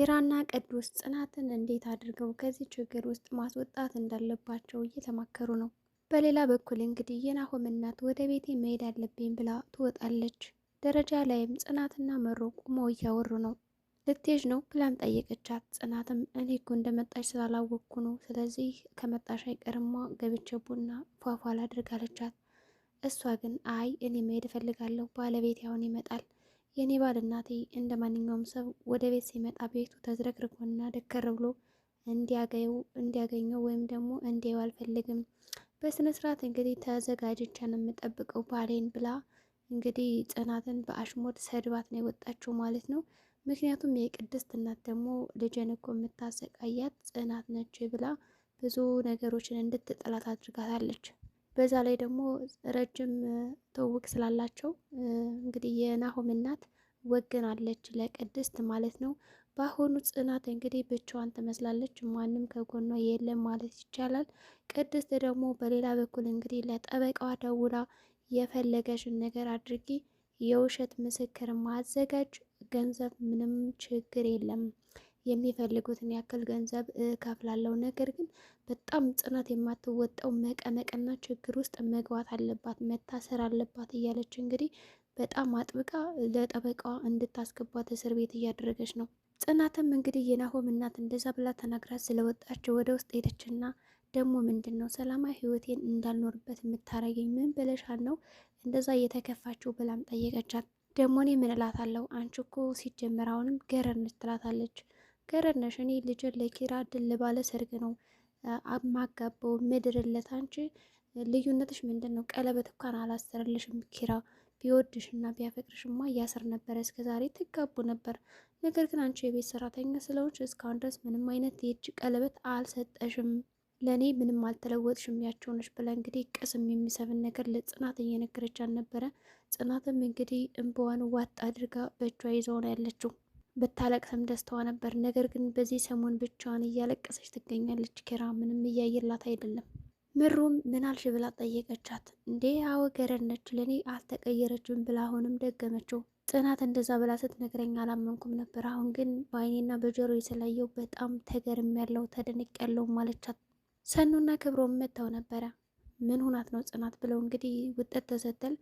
ኪራና ቅዱስ ጽናትን እንዴት አድርገው ከዚህ ችግር ውስጥ ማስወጣት እንዳለባቸው እየተማከሩ ነው። በሌላ በኩል እንግዲህ የናሆም እናት ወደ ቤቴ መሄድ አለብኝ ብላ ትወጣለች። ደረጃ ላይም ጽናትና መሮ ቁመው እያወሩ ነው። ልትሄጂ ነው ብላም ጠየቀቻት። ጽናትም እኔ እኮ እንደመጣሽ ስላላወቅኩ ነው፣ ስለዚህ ከመጣሽ አይቀርማ ገብቼ ቡና ፏፏ ላድርግ አለቻት። እሷ ግን አይ እኔ መሄድ እፈልጋለሁ፣ ባለቤቴ አሁን ይመጣል የኔ ባል እናቴ እንደ ማንኛውም ሰው ወደ ቤት ሲመጣ ቤቱ ተዝረክርኮና ደከር ብሎ እንዲያገኘው ወይም ደግሞ እንዲያየው አልፈልግም። በስነ ስርዓት እንግዲህ ተዘጋጅቻ ነው የምጠብቀው ባሌን ብላ እንግዲህ ጽናትን በአሽሞድ ሰድባት ነው የወጣችው ማለት ነው። ምክንያቱም የቅድስት እናት ደግሞ ልጄን እኮ የምታሰቃያት ጽናት ነች ብላ ብዙ ነገሮችን እንድትጠላት አድርጋታለች። በዛ ላይ ደግሞ ረጅም ትውውቅ ስላላቸው እንግዲህ የናሆም እናት ወግናለች ለቅድስት ማለት ነው። በአሁኑ ጽናት እንግዲህ ብቻዋን ትመስላለች፣ ማንም ከጎኗ የለም ማለት ይቻላል። ቅድስት ደግሞ በሌላ በኩል እንግዲህ ለጠበቃዋ ደውላ የፈለገሽን ነገር አድርጊ፣ የውሸት ምስክር ማዘጋጅ፣ ገንዘብ ምንም ችግር የለም የሚፈልጉትን ያክል ገንዘብ እከፍላለሁ። ነገር ግን በጣም ጽናት የማትወጣው መቀመቅና ችግር ውስጥ መግባት አለባት፣ መታሰር አለባት እያለች እንግዲህ በጣም አጥብቃ ለጠበቃዋ እንድታስገባት እስር ቤት እያደረገች ነው። ጽናትም እንግዲህ የናሆም እናት እንደዛ ብላ ተናግራት ስለወጣች ወደ ውስጥ ሄደችና ደግሞ ምንድን ነው ሰላማዊ ህይወቴን እንዳልኖርበት የምታረገኝ ምን ብለሻል ነው እንደዛ እየተከፋችው ብላም ጠየቀቻት። ደግሞ እኔ ምን እላታለሁ? አንቺ እኮ ሲጀመር አሁንም ገረነች ትላታለች። ገረነሽ እኔ ልጅን ለኪራ ድል ባለ ሰርግ ነው ማጋባው ምድርለት። አንቺ ልዩነትሽ ምንድን ነው? ቀለበት እንኳን አላሰርልሽም። ኪራ ቢወድሽና ቢያፈቅርሽማ እያስር ነበር፣ እስከዛሬ ትጋቡ ነበር። ነገር ግን አንቺ የቤት ሰራተኛ ስለሆንሽ እስካሁን ድረስ ምንም አይነት የእጅ ቀለበት አልሰጠሽም፣ ለእኔ ምንም አልተለወጥሽም፣ ያቸውነች ብለ እንግዲህ ቅስም የሚሰብን ነገር ለጽናት እየነገረች አልነበረ። ጽናትም እንግዲህ እንበዋን ዋጥ አድርጋ በእጇ ይዘው ነው ያለችው። ብታለቅስም ደስታዋ ነበር። ነገር ግን በዚህ ሰሞን ብቻዋን እያለቀሰች ትገኛለች። ኪራ ምንም እያየላት አይደለም። ምሩም ምን አልሽ ብላ ጠየቀቻት። እንዴ አዎ ገረነች ለኔ ለእኔ አልተቀየረችም ብላ አሁንም ደገመችው። ጽናት እንደዛ ብላ ስትነግረኝ አላመንኩም ነበር። አሁን ግን በአይኔና በጆሮ የተለየው በጣም ተገርም ያለው ተደንቅ ያለው ማለቻት። ሰኑና ክብሮም መጥተው ነበረ። ምን ሁናት ነው ጽናት ብለው እንግዲህ ውጠት ተሰተል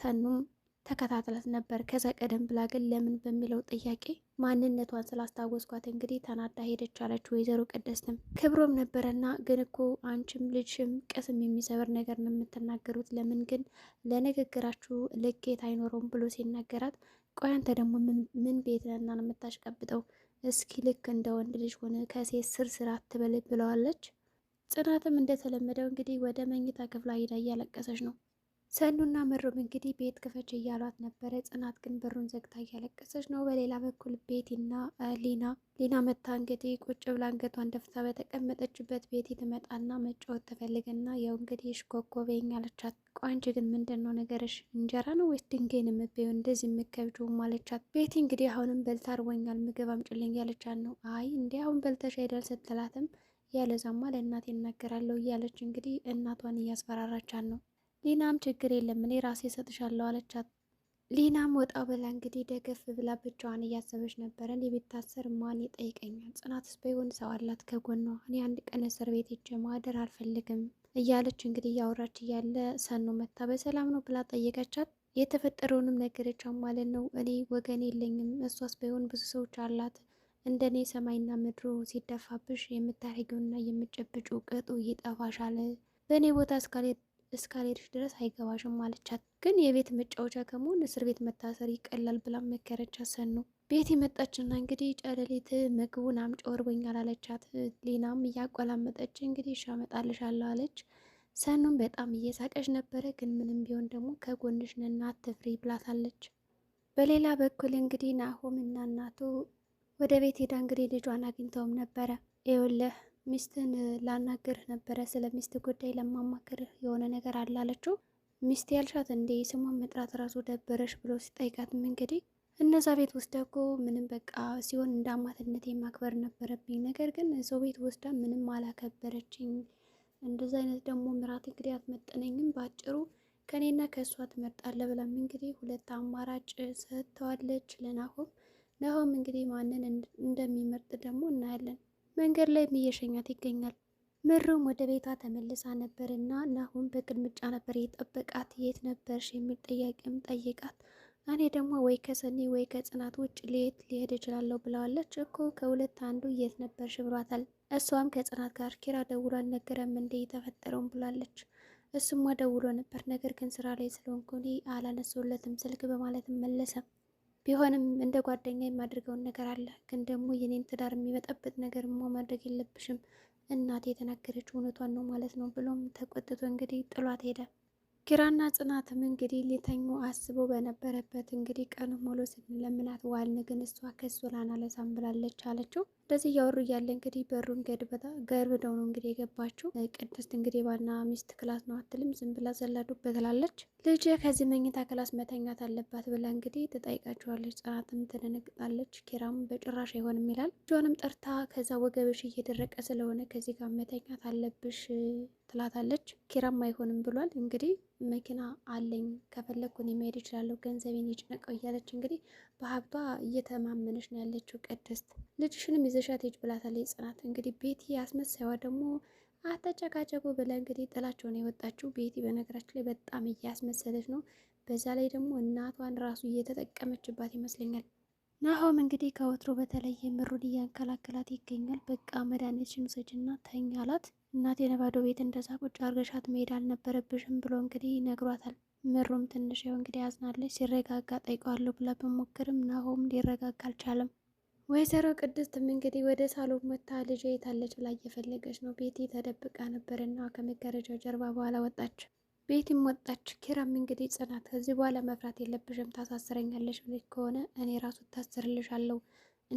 ሰኑም ተከታትላት ነበር። ከዛ ቀደም ብላ ግን ለምን በሚለው ጥያቄ ማንነቷን ስላስታወስኳት እንግዲህ ተናዳ ሄደች አለች ወይዘሮ ቅድስትም። ክብሮም ነበረና ግን እኮ አንቺም ልጅሽም ቅስም የሚሰብር ነገር ነው የምትናገሩት፣ ለምን ግን ለንግግራችሁ ልኬት አይኖረውም ብሎ ሲናገራት፣ ቆይ አንተ ደግሞ ምን ቤት ነና ነው የምታሽቀብጠው? እስኪ ልክ እንደ ወንድ ልጅ ሆነ ከሴት ስር ስር አትበል ብለዋለች። ጽናትም እንደተለመደው እንግዲህ ወደ መኝታ ክፍላ ሄዳ እያለቀሰች ነው። ሰኑና ምሩም እንግዲህ ቤት ክፈች እያሏት ነበረ። ጽናት ግን በሩን ዘግታ እያለቀሰች ነው። በሌላ በኩል ቤቲና ሊና ሊና መታ እንግዲህ ቁጭ ብላ አንገቷን ደፍታ በተቀመጠችበት ቤቲ ትመጣና መጫወት ትፈልግና ያው እንግዲህ ሽኮኮ በይኝ አለቻት። አንቺ ግን ምንድን ነው ነገርሽ? እንጀራ ነው ወይስ ድንጋይ ነው የምትበይው? እንደዚህ የምከብጂው አለቻት። ቤቲ እንግዲህ አሁንም በልታ አርወኛል ምግብ አምጪልኝ ያለቻት ነው። አይ እንዲ አሁን በልተሽ አይደል ስትላትም ያለዛማ ለእናቴ ይናገራለሁ እያለች እንግዲህ እናቷን እያስፈራራቻት ነው። ሊናም ችግር የለም እኔ ራሴ እሰጥሻለሁ አለቻት። ሊናም ወጣ ብላ እንግዲህ ደገፍ ብላ ብቻዋን እያሰበች ነበረ። እኔ ብታሰር ማን ይጠይቀኛል? ጽናትስ በይሆን ሰው አላት ከጎኗ። እኔ አንድ ቀን እስር ቤት ሄጄ ማደር አልፈልግም እያለች እንግዲህ እያወራች እያለ ሰኖ መታ። በሰላም ነው ብላ ጠየቀቻት። የተፈጠረውንም ነገረቻ ማለት ነው። እኔ ወገን የለኝም፣ እሷስ ባይሆን ብዙ ሰዎች አላት። እንደኔ ሰማይና ምድሩ ሲደፋብሽ የምታደርጊውና የምጨብጩ ቅጡ ይጠፋሻል። በእኔ ቦታ እስካሌ እስካልሄድሽ ድረስ አይገባሽም አለቻት። ግን የቤት መጫወቻ ከመሆን እስር ቤት መታሰር ይቀላል ብላ መከረቻት። ሰኑ ቤት የመጣችና እንግዲህ ጨለሊት ምግቡን አምጪ ወርቦኛል አለቻት። ሌናም እያቆላመጠች እንግዲህ እሺ አመጣልሻለሁ አለች። ሰኑም በጣም እየሳቀች ነበረ። ግን ምንም ቢሆን ደግሞ ከጎንሽ ነን አትፍሪ ብላታለች። በሌላ በኩል እንግዲህ ናሆም እና እናቱ ወደ ቤት ሄዳ እንግዲህ ልጇን አግኝተውም ነበረ ይኸውልህ ሚስትን ላናግርህ ነበረ፣ ስለ ሚስት ጉዳይ ለማማክርህ የሆነ ነገር አላለችው ሚስት ያልሻት እንዴ ስሟን መጥራት ራሱ ደበረሽ ብሎ ሲጠይቃትም እንግዲህ እነዛ ቤት ውስጥ እኮ ምንም በቃ ሲሆን እንደ አማትነቴ ማክበር ነበረብኝ፣ ነገር ግን ሰው ቤት ወስዳ ምንም አላከበረችኝ። እንደዚ አይነት ደግሞ ምራት እንግዲህ አትመጠነኝም፣ በአጭሩ ከእኔና ከእሷ ትመርጣለ ብላም እንግዲህ ሁለት አማራጭ ሰጥተዋለች ለናሆም። ናሆም እንግዲህ ማንን እንደሚመርጥ ደግሞ እናያለን። መንገድ ላይም እየሸኛት ይገኛል። ምሩም ወደ ቤቷ ተመልሳ ነበር እና ናሁም ነበር የጠበቃት። የት ነበርሽ የሚል ጥያቄም ጠይቃት፣ እኔ ደግሞ ወይ ከሰኒ ወይ ከጽናት ውጭ ሌት ሊሄድ እችላለሁ ብለዋለች እኮ ከሁለት አንዱ የት ነበርሽ ብሏታል። እሷም ከጽናት ጋር ኪራ ደውሎ አልነገረም እንዴ የተፈጠረውን ብላለች። እሱማ ደውሎ ነበር ነገር ግን ስራ ላይ ስለሆንኩ አላነሱለትም ስልክ በማለትም መለሰ። ቢሆንም እንደ ጓደኛ የማደርገውን ነገር አለ፣ ግን ደግሞ የኔን ትዳር የሚበጠብጥ ነገር ማ ማድረግ የለብሽም እናቴ የተናገረችው እውነቷን ነው ማለት ነው ብሎም ተቆጥቶ እንግዲህ ጥሏት ሄደ። ኪራና ጽናትም እንግዲህ ሊተኙ አስበው በነበረበት እንግዲህ ቀኑ ሙሉ ስንለምናት ዋልን፣ ግን እሷ ከሱ ላና ለሳም ብላለች አለችው። እንደዚህ እያወሩ እያለ እንግዲህ በሩን ገድበታ ገርብደው ነው እንግዲህ የገባችው። ቅድስት እንግዲህ ባና ሚስት ክላስ ነው አትልም፣ ዝም ብላ ዘላዱ በትላለች። ልጅ ከዚህ መኝታ ክላስ መተኛት አለባት ብላ እንግዲህ ትጠይቃቸዋለች። ጽናትም ትደነግጣለች። ኪራም በጭራሽ አይሆንም ይላል። ልጇንም ጠርታ ከዛ ወገብሽ እየደረቀ ስለሆነ ከዚህ ጋር መተኛት አለብሽ ትላታለች። ኪራም አይሆንም ብሏል። እንግዲህ መኪና አለኝ ከፈለግኩን መሄድ እችላለሁ ገንዘቤን የጨነቀው እያለች እንግዲህ በሀብቷ እየተማመነች ነው ያለችው ቅድስት። ልጅሽንም ይዘሻት ሂጅ ብላታለች ጽናት። እንግዲህ ቤቲ አስመሳይዋ ደግሞ አተጨቃጨቁ ብለ እንግዲህ ጥላቸው ነው የወጣችው። ቤቲ በነገራችን ላይ በጣም እያስመሰለች ነው። በዛ ላይ ደግሞ እናቷን ራሱ እየተጠቀመችባት ይመስለኛል። ናሆም እንግዲህ ከወትሮ በተለየ ምሩን እያንከላከላት ይገኛል። በቃ መድኃኒትሽን ውሰጂና አላት። እናቴ ነባዶ ቤት እንደዛ ቁጭ አርገሻት መሄድ አልነበረብሽም ብሎ እንግዲህ ይነግሯታል። ምሩም ትንሽ ያው እንግዲህ አዝናለች። ሲረጋጋ ጠይቀዋለሁ ብላ ብሞክርም ናሆም ሊረጋጋ አልቻለም። ወይዘሮ ቅድስትም እንግዲህ ወደ ሳሎን መታ ልጅ የታለች ብላ እየፈለገች ነው። ቤቲ ተደብቃ ነበርና ከመጋረጃው ጀርባ በኋላ ወጣች። ቤቲም ወጣች። ኪራም እንግዲህ ጽናት ከዚህ በኋላ መፍራት የለብሽም ታሳስረኛለሽ ብለሽ ከሆነ እኔ ራሱ ታስርልሻለሁ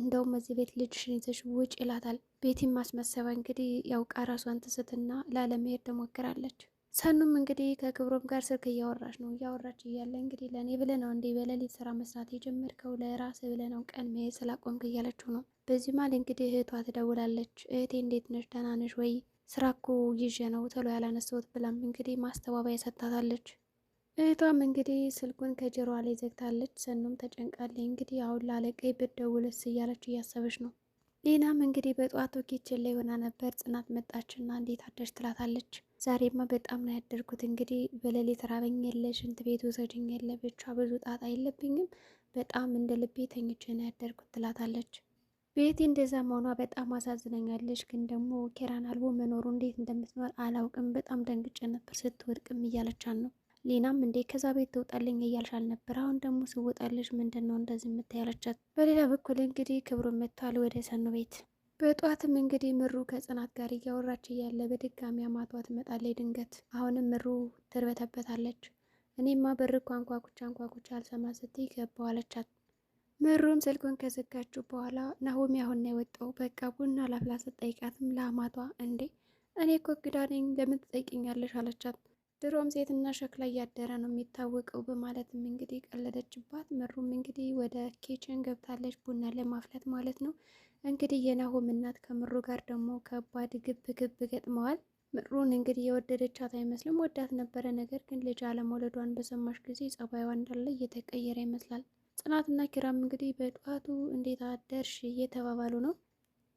እንደውም እዚህ ቤት ልጅሽን ይዘሽ ውጭ ይላታል። ቤቲም ማስመሰባ እንግዲህ ያውቃ ራሷን ትስትና ላለመሄድ ትሞክራለች። ሰኑም እንግዲህ ከክብሮም ጋር ስልክ እያወራች ነው። እያወራች እያለ እንግዲህ ለእኔ ብለህ ነው እንዴ በሌሊት ስራ መስራት የጀመርከው? ለራስህ ብለህ ነው ቀን መሄድ ስላቆምክ እያለችው ነው። በዚህ መሀል እንግዲህ እህቷ ትደውላለች። እህቴ እንዴት ነሽ? ደህና ነሽ ወይ? ስራ እኮ ይዤ ነው ተሎ ያላነሳሁት ብላም እንግዲህ ማስተባበያ ሰጥታታለች። እህቷም እንግዲህ ስልኩን ከጀሯ ላይ ዘግታለች። ሰኑም ተጨንቃለች። እንግዲህ አሁን ላለቀይ ብትደውልስ እያለች እያሰበች ነው። ሌናም እንግዲህ በጠዋቱ ኪችን ላይ ሆና ነበር። ጽናት መጣችና እንዴት አደርሽ ትላታለች። ዛሬማ በጣም ነው ያደርኩት። እንግዲህ በሌሊት ራበኝ የለ ሽንት ቤት ውሰጅኝ የለ ብቻ ብዙ ጣጣ የለብኝም። በጣም እንደ ልቤ ተኝቼ ነው ያደርኩት ትላታለች። ቤቲ እንደዛ መሆኗ በጣም አሳዝነኛለች። ግን ደግሞ ኬራን አልቦ መኖሩ እንዴት እንደምትኖር አላውቅም። በጣም ደንግጬ ነበር ስትወድቅም እያለቻን ነው ሊናም እንዴ ከዛ ቤት ትውጣልኝ እያልሽ አልነበር? አሁን ደግሞ ስወጣልሽ ምንድን ነው እንደዚህ የምታያለቻት። በሌላ በኩል እንግዲህ ክብሩ መጥቷል ወደ ሰኑ ቤት። በጧትም እንግዲህ ምሩ ከጽናት ጋር እያወራች እያለ በድጋሚ አማቷ ትመጣለች ድንገት። አሁንም ምሩ ትርበተበታለች። እኔማ በር እኮ አንኳኩቻ አልሰማ ስትይ ገባሁ አለቻት። ምሩም ስልኩን ከዘጋችሁ በኋላ ናሆሚ አሁን ነው የወጣው፣ በቃ ቡና ላፍላ ስትጠይቃትም ለአማቷ እንዴ እኔ እኮ ነኝ ለምን ትጠይቅኛለሽ አለቻት። ድሮም ሴትና ሸክላ እያደረ ነው የሚታወቀው በማለትም እንግዲህ ቀለደችባት። ምሩም እንግዲህ ወደ ኬችን ገብታለች ቡና ለማፍላት ማለት ነው። እንግዲህ የናሆም እናት ከምሩ ጋር ደግሞ ከባድ ግብ ግብ ገጥመዋል። ምሩን እንግዲህ የወደደቻት አይመስልም። ወዳት ነበረ፣ ነገር ግን ልጅ አለመውለዷን በሰማሽ ጊዜ ጸባይዋ እንዳለ እየተቀየረ ይመስላል። ጽናትና ኪራም እንግዲህ በጠዋቱ እንዴት አደርሽ እየተባባሉ ነው።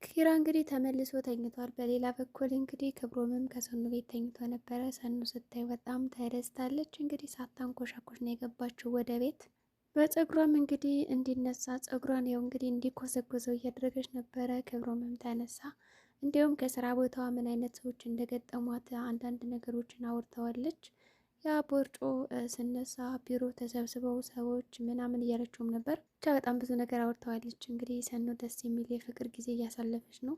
ኪራ እንግዲህ ተመልሶ ተኝቷል። በሌላ በኩል እንግዲህ ክብሮምም ከሰኑ ቤት ተኝቶ ነበረ። ሰኑ ስታይ በጣም ተደስታለች። እንግዲህ ሳታንኮሻኮሽ ነው የገባችው ወደ ቤት። በፀጉሯም እንግዲህ እንዲነሳ ፀጉሯን ያው እንግዲህ እንዲኮሰኮሰው እያደረገች ነበረ። ክብሮምም ተነሳ። እንዲሁም ከስራ ቦታዋ ምን አይነት ሰዎች እንደገጠሟት አንዳንድ ነገሮችን አውርተዋለች። ያ ቦርጮ ስነሳ ቢሮ ተሰብስበው ሰዎች ምናምን እያለችውም ነበር። ብቻ በጣም ብዙ ነገር አውርተዋለች። እንግዲህ ሰኖ ደስ የሚል የፍቅር ጊዜ እያሳለፈች ነው።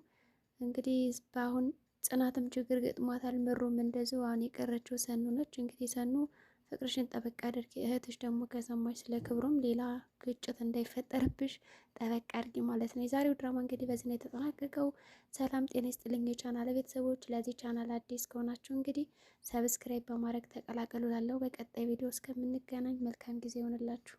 እንግዲህ በአሁን ጽናትም ችግር ገጥሟታል። ምሩም እንደዚሁ አሁን የቀረችው ሰኖ ነች። እንግዲህ ሰኖ ፍቅርሽን ጠበቅ አድርጊ። እህትሽ ደግሞ ከሰማች ስለ ክብሩም ሌላ ግጭት እንዳይፈጠርብሽ ጠበቅ አድርጊ ማለት ነው። የዛሬው ድራማ እንግዲህ በዚህ ነው የተጠናቀቀው። ሰላም ጤና ይስጥልኝ የቻናል ቤተሰቦች። ለዚህ ቻናል አዲስ ከሆናችሁ እንግዲህ ሰብስክራይብ በማድረግ ተቀላቀሉ። ላለው በቀጣይ ቪዲዮ እስከምንገናኝ መልካም ጊዜ ይሆንላችሁ።